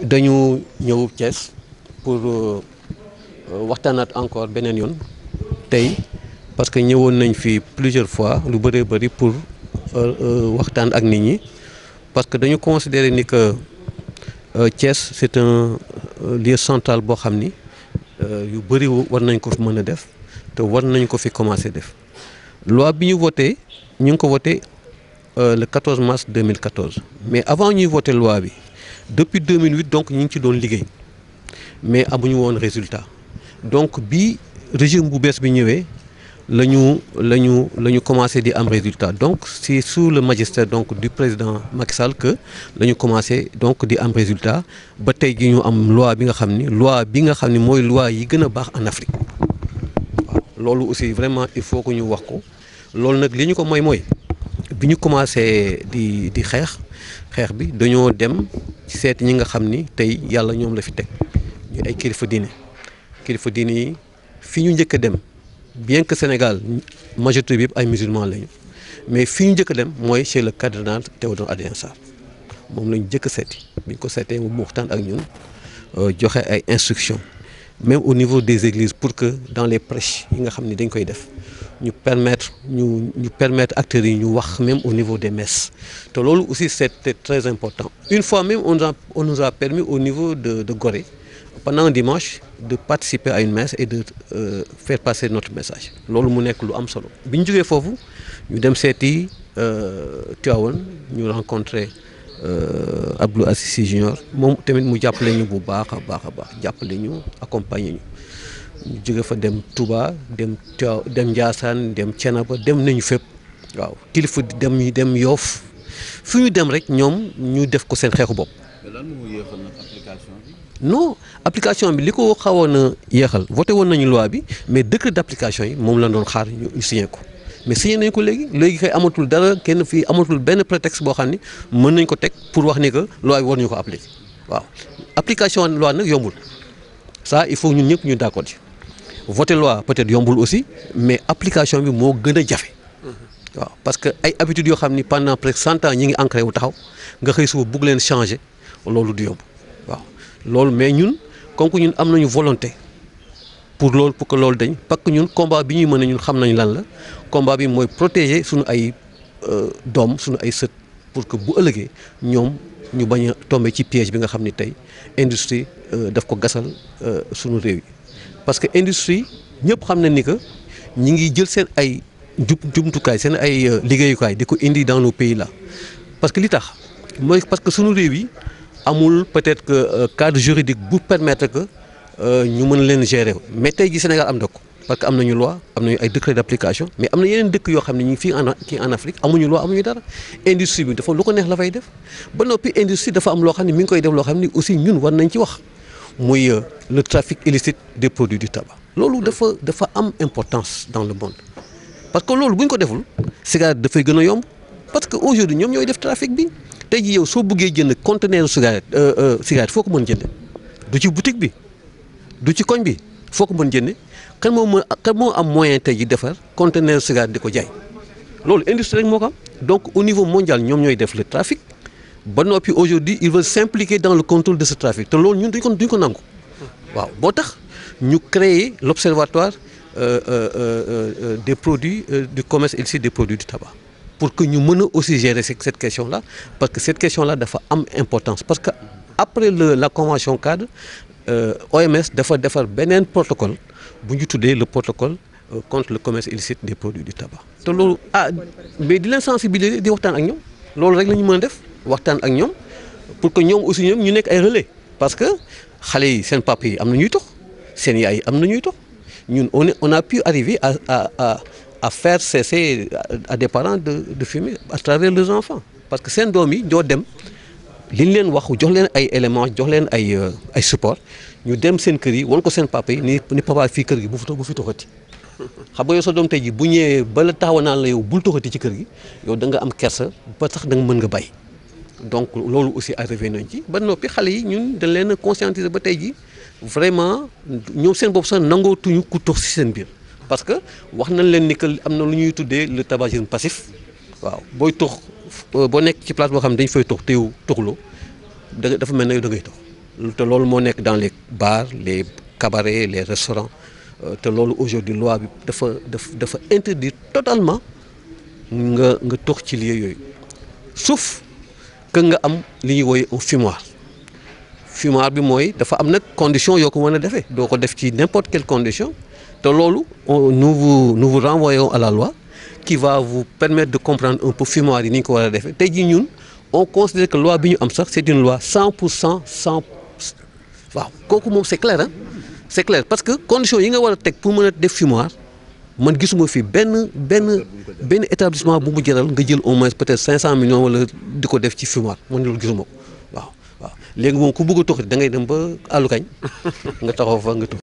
dañu ñëw Thiès pour waxtaan euh, euh, waxtaanaat encore beneen yoon tey parce que ñëwoon nañ fi plusieurs fois lu bëree bari pour euh, waxtaan ak nit ñi parce que dañu considérer ni que Thiès c'est un lieu central boo xam ni yu bëri war nañ ko fi mën a def te war nañ ko fi commencer def loi bi ñu voté ñu ngi ko voté le 14 mars 2014 mais avant ñuy voté loi bi. depuis 2008 donc ñu ngi ci doon liggéey mais amuñu woon résultat donc bi régime bu bees bi ñëwee la ñu la ñu la ñu commencé di am résultat donc si sous le magistère donc di président Macky Sall que la ñu commencé donc di am résultat ba tey gi ñu am loi bi nga xam ni loi bi nga xam ni mooy loi yi gën a baax en Afrique waaw loolu aussi vraiment il faut que ñu wax ko loolu nag li ñu ko moy mooy bi ñu commencé di di xeex xeex bi dañoo dem. seet ñi nga xam ni tey yàlla ñoom la fi teg ñu ay kilifa diine kilifa diine yi fi ñu njëkk a dem bien que Sénégal majorité bi yëpp ay musulman lañu mais fi ñu njëkk dem mooy chez le cardinal Théodore Adrien Sarr moom la njëkk a seeti bi ñu ko seetee mu waxtaan ak ñu euh, joxe ay instructions. même au niveau des églises pour que dans les prêches yi nga xam ni dañ koy def ñu permettre ñu ñu permettre acteurs yi ñu wax même au niveau des mess te loolu aussi c'était très important une fois même on a on nous a permis au niveau de de Gorée pendant un dimanche de participer à une messe et de euh, passer notre message loolu mu nekk lu am solo bi ñu jógee foofu ñu dem seeti euh, Tivaouane ñu rencontrer Euh, Abdou Aziz Sy junior moom tamit mu jàppale ñu bu baax a baax a baax jàppale ñu accompagner ñu ñu jóge fa dem Touba dem Thiaw dem Ndiassane dem Thiénaba dem nañu fépp waaw kilifa dem ñu dem Yoff fi ñu dem rek ñoom ñu def ko seen xeexu bopp. lan moo yéexal nag application bi. non application bi li ko xawoon a yéexal voté woon nañu loi bi mais dëkk d' application yi moom la doon xaar ñu signé ko. mais signé nañ ko léegi léegi kay amatul dara kenn fii amatul benn prétexte boo xam ni mën nañ ko teg pour wax ni que loi bi war ñu ko appliquer waaw application loi nag yombul saa il faut ñun ñëpp ñu d'accord ci voté loi peut-être yombul aussi mais application bi moo gën a jafe. Mhm. waaw parce que ay habitudes yoo xam ni pendant presque cent ans ñi ngi ancré wu taxaw nga xëy suba bugg leen changer loolu du yomb waaw loolu mais ñun comme que ñun am nañu volonté. pour loolu pour que loolu dañ parce que ñun combat bi ñuy mën a ñun xam nañ lan la combat bi mooy protéger suñu ay euh, doom suñu ay sët pour que bu ëllëgee ñoom ñu bañ a tombé ci piège bi nga xam ne tey industrie euh, daf ko gasal euh, suñu réew yi parce que industrie ñëpp xam na ni que ñi ngi jël seen ay jub jumtukaay seen ay liggéeyukaay di ko indi dans nos pays là parce que li tax mooy parce que suñu réew yi amul peut-être que cadre juridique bu permettre ko Euh, ñu mën leen gérer mais tey ji Sénégal am na ko parce que am nañu loi am nañu ay décret d'application mais am na yeneen dëkk yoo xam ne ñu fi en kii en Afrique amuñu loi amuñu dara industrie bi dafa lu ko neex la fay def ba noppi industrie dafa am loo xam ne mi ngi koy def loo xam ne aussi ñun war nañ ci wax muy euh, le trafic illicite des produits du tabac loolu dafa dafa am importance dans le monde parce que loolu bu ñu ko deful cigarette dafay gën a yomb parce que aujourd'hui ñoom ñooy def trafic bi tey ji yow soo bëggee jënd conteneur cigarette euh, cigarette foo ko mën jënde du ci boutique bi du ci koñ bi foo ko mën jënde kan moo mën am moyen tey ji defar conteneur cigare di ko jaay loolu industrie rek moo ko am donc au niveau mondial ñoom ñooy def le trafic ba noppi aujourd'hui ils veulent s'impliquer dans le contrôle de ce trafic te loolu ñun duñ ko duñ ko nangu waaw boo tax ñu créer l'observatoire euh, euh, euh, euh des produits euh, du commerce illicite des produits du tabac pour que ñu mën aussi gérer cette question là parce que cette question la dafa am importance parce que après le la convention Euh, OMS dafa defar beneen protocole bu ñu tuddee le protocole euh, contre le commerce illicite des produits du tabax te loolu ah mais di leen sensibiliser di waxtaan ak ñoom loolu rek la ñu mën def waxtaan ak ñoom pour que ñoom aussi ñoom ñu nekk ay relais parce que xale yi seen papa yi am na ñuy tox seen yaay am na ñuy tox ñun on on a pu arriver à à à à faire cesser à des de de fumer à travers leurs enfants parce que seen doom yi doo dem. li leen wax jox leen ay éléments jox leen ay euh, ay support ñu dem seen kër yi wan ko seen papa yi ni ni papa fii kër gi bu fi bu fi toxati xam nga yow sa doom tey ji bu ñëwee ba la taxawa naan la yow bul toxati ci kër gi yow da nga am kersa ba sax da nga mën nga bay donc loolu aussi arrivé nañ ci ba noppi xale yi ñun dañ leen a conscientiser ba tey ji vraiment ñoom seen bopp sax nangootuñu ku tox si seen biir parce que wax nañ leen ni que am na lu ñuy tuddee le tabagisme passif waaw booy tox Euh, boo nekk ci place boo xam ne dañu fay tox téew toxloo da dafa mel ne da ngay tox te loolu moo nekk dans les bars les cabarets les restaurants euh, te loolu aujourd'hui loi bi dafa dafa dafa interdire totalement nga nga tox ci lieu yooyu suuf que nga am li ñuy woy un fumoir bi mooy dafa am nag condition yoo ko mën a defee doo ko def ci n'importe quelle condition te loolu nous vous nous vous renvoyons la loi qui va vous permettre de comprendre un peu fumoir yi ni ko war a defee tey jii ñun on considère que loi bi ñu am sax c' est une loi cent pour cent cent waaw kooku moom c' est clair ah parce que condition yi nga war a teg pour mën a def fumoir man gisuma fii benn benn benn établissement bu mu jaral nga jël au moins peut-être cinq cent million wala di ko def ci fumoir man loolu gisuma ko waaw léegi moom ku bëgg a toxati da ngay dem ba àllukañ nga taxaw fa nga tox